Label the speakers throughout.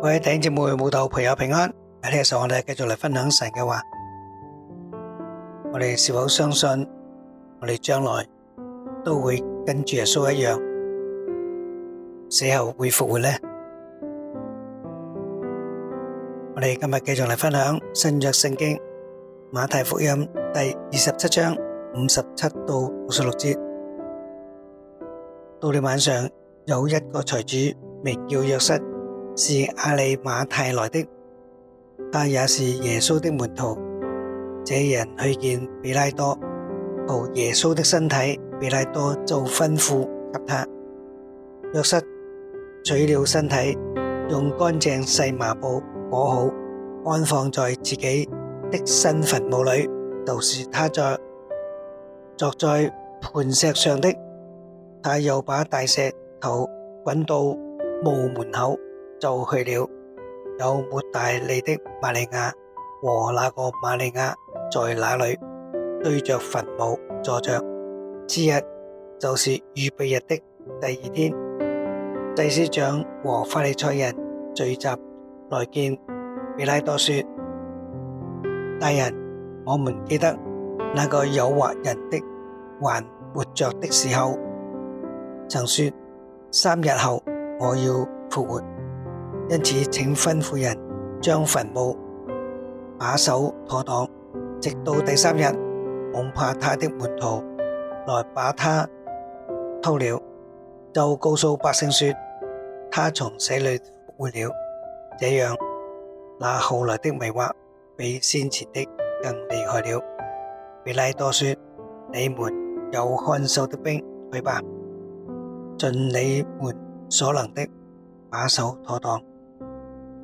Speaker 1: 各位弟兄姊妹、慕道朋友平安，喺呢個時候我哋繼續嚟分享神嘅話，我哋是否相信我哋將來都會跟住耶穌一樣，死後會復活呢？我哋今日繼續嚟分享新約聖經馬太福音第二十七章五十七到六十六節。到了晚上，有一個財主名叫約瑟。是阿里馬太來的，他也是耶穌的門徒。這人去見彼拉多，求耶穌的身體。彼拉多就吩咐給他，約瑟取了身體，用乾淨細麻布裹好，安放在自己的新墳墓裏。就是他坐坐在磐石上的，他又把大石頭滾到墓門口。就去了。有抹大利的瑪利亞和那個瑪利亞在那裏，對着墳墓坐着。次日就是預備日的第二天，祭司長和法利賽人聚集來見彼拉多說：大人，我們記得那個誘惑人的還活着的時候，曾說三日後我要復活。因此，請吩咐人將墳墓把守妥當，直到第三日，恐怕他的門徒來把他偷了，就告訴百姓說他從死裏活了。這樣，那後來的迷惑比先前的更厲害了。比拉多說：你們有看守的兵去吧，盡你們所能的把守妥當。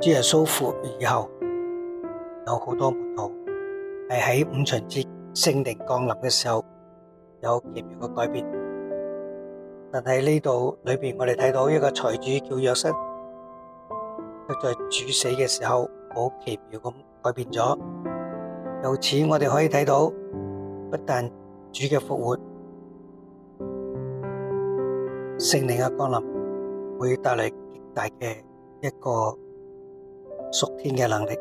Speaker 1: 主耶穌復活以後，有好多門徒係喺五旬節聖靈降臨嘅時候有奇妙嘅改變。但係呢度裏邊，我哋睇到一個財主叫約瑟，佢在主死嘅時候好奇妙咁改變咗。由此我哋可以睇到，不但主嘅復活、聖靈嘅降臨會帶嚟極大嘅一個。屬天嘅能力，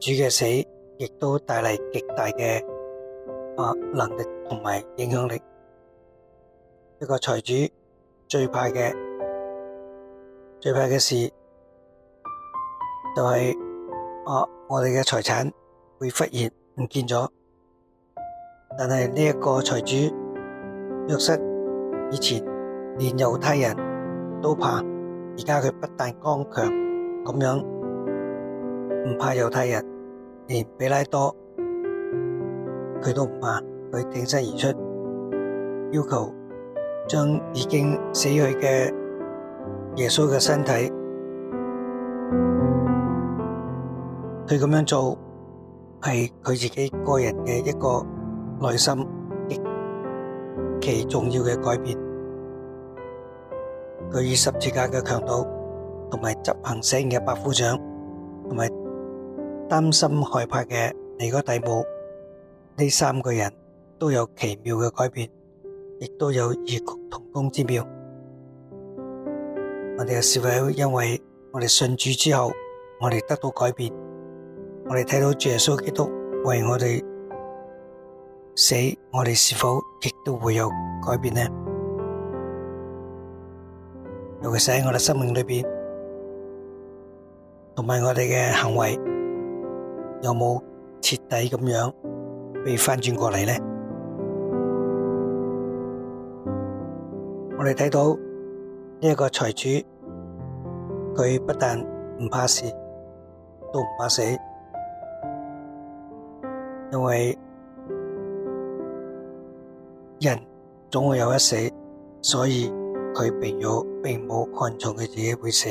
Speaker 1: 主嘅死亦都帶嚟極大嘅啊，能力同埋影響力。一個財主最怕嘅最怕嘅事就係啊，我哋嘅財產會忽然唔見咗。但係呢一個財主若失以前連猶太人都怕，而家佢不但剛強咁樣。唔怕猶太人，連比拉多佢都唔怕，佢挺身而出，要求將已經死去嘅耶穌嘅身體，佢咁樣做係佢自己個人嘅一個內心極其重要嘅改變。佢以十字架嘅強盜同埋執行死刑嘅百夫長同埋。擔心害怕嘅尼哥底母呢三個人都有奇妙嘅改變，亦都有異曲同工之妙。我哋又是否因為我哋信主之後，我哋得到改變？我哋睇到主耶穌基督為我哋死，我哋是否亦都會有改變呢？尤其是喺我哋生命裏邊，同埋我哋嘅行為。有冇徹底咁樣被翻轉過嚟呢？我哋睇到呢一個財主，佢不但唔怕事，都唔怕死，因為人總會有一死，所以佢並有並冇看重佢自己會死。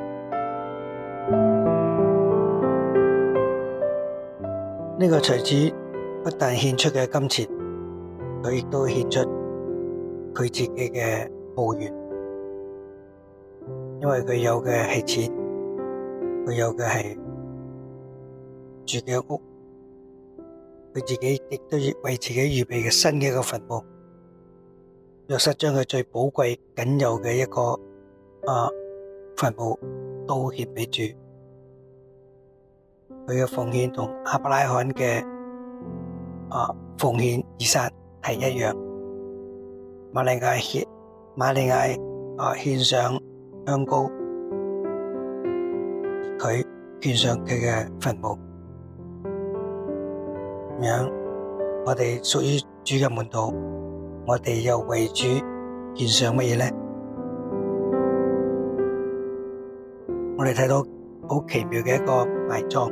Speaker 1: 呢個財主不但獻出嘅金錢，佢亦都獻出佢自己嘅報怨，因為佢有嘅係錢，佢有嘅係住嘅屋，佢自己亦都要為自己預備嘅新嘅一個墳墓，若瑟將佢最寶貴僅有嘅一個啊墳墓都獻俾主。佢嘅奉獻同亞伯拉罕嘅啊奉獻儀式係一樣，馬利亞獻馬利亞啊獻上香膏，佢獻上佢嘅墳墓，咁樣我哋屬於主嘅門徒，我哋又為主獻上乜嘢咧？我哋睇到好奇妙嘅一個埋葬。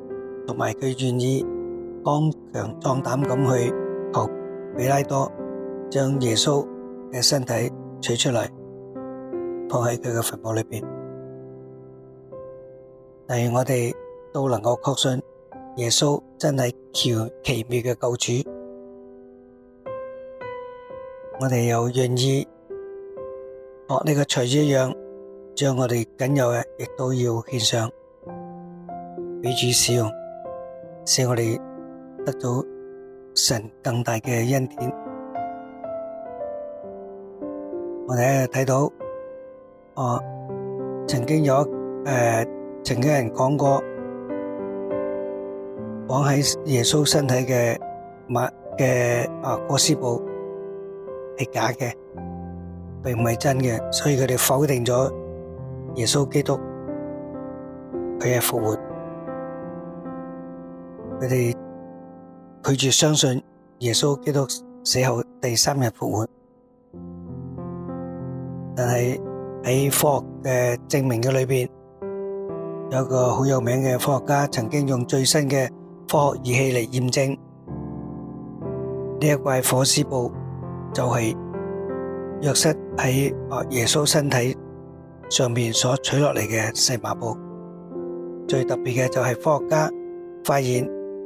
Speaker 1: 同埋佢願意剛強壯膽咁去求比拉多，將耶穌嘅身體取出嚟，放喺佢嘅墳墓裏邊。但係我哋都能夠確信耶穌真係喬奇妙嘅救主，我哋又願意學呢個財主一樣，將我哋僅有嘅亦都要獻上俾主使用。使我哋得到神更大嘅恩典。我哋睇睇到，哦，曾經有一誒，曾經有人講過，綁喺耶穌身體嘅物嘅啊裹屍布係假嘅，並唔係真嘅，所以佢哋否定咗耶穌基督佢嘅復活。佢哋拒絕相信耶穌基督死後第三日復活，但係喺科學嘅證明嘅裏面，有個好有名嘅科學家曾經用最新嘅科學儀器嚟驗證呢一塊裹屍布，就係約瑟喺啊耶穌身體上面所取落嚟嘅細麻布，最特別嘅就係科學家發現。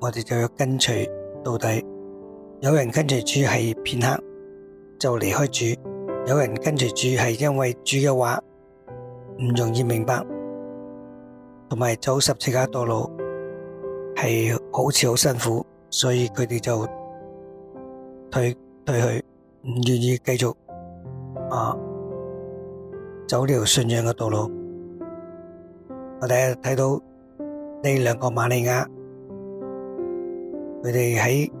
Speaker 1: 我哋就要跟隨到底。有人跟隨主係片刻就離開主，有人跟隨主係因為主嘅話唔容易明白，同埋走十字架道路係好似好辛苦，所以佢哋就退退去，唔願意繼續啊走呢條信仰嘅道路。我哋睇到呢兩個瑪利亞。佢哋喺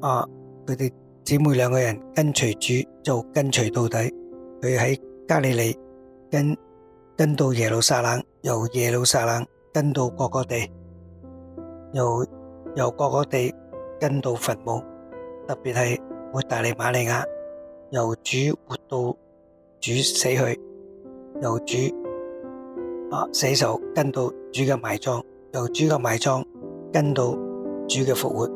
Speaker 1: 啊，佢哋姊妹兩個人跟隨主做跟隨到底。佢喺加利利跟，跟到耶路撒冷，由耶路撒冷跟到各個地，又由各個地跟到墳墓。特別係抹大利瑪利亞，由主活到主死去，由主啊死受跟到主嘅埋葬，由主嘅埋葬跟到主嘅復活。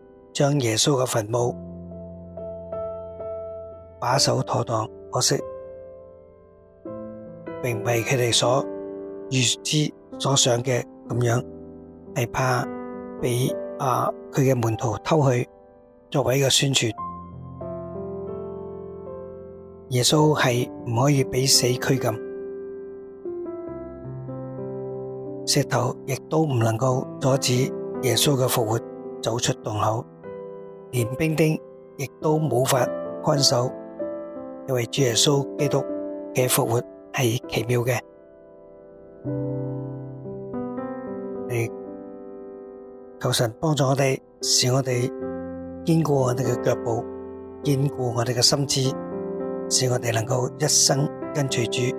Speaker 1: 將耶穌嘅墳墓把守妥當，可惜並唔係佢哋所預知、所想嘅咁樣，係怕俾啊佢嘅門徒偷去作為一個宣傳。耶穌係唔可以俾死拘禁，石頭亦都唔能夠阻止耶穌嘅復活，走出洞口。連兵丁亦都冇法看守，因為主耶穌基督嘅復活係奇妙嘅。嚟求神幫助我哋，使我哋堅固我哋嘅腳步，堅固我哋嘅心智，使我哋能夠一生跟隨主。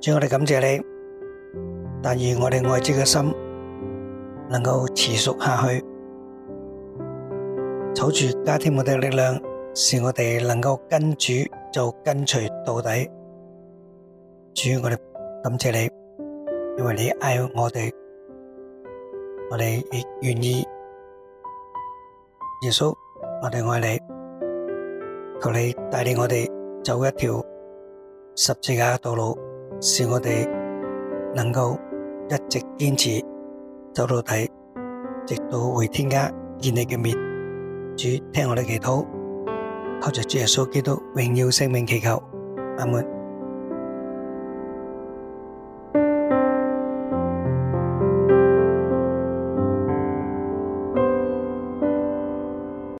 Speaker 1: 主，我哋感謝你，但願我哋愛主嘅心能夠持續下去。儲住加添我哋力量，使我哋能夠跟主就跟隨到底。主，我哋感謝你，因為你愛我哋，我哋亦願意。耶穌，我哋愛你，求你帶領我哋走一條十字架嘅道路，使我哋能夠一直堅持走到底，直到回天家見你嘅面。主，聽我的祈禱，靠着主耶穌基督榮耀聖名祈求，阿門。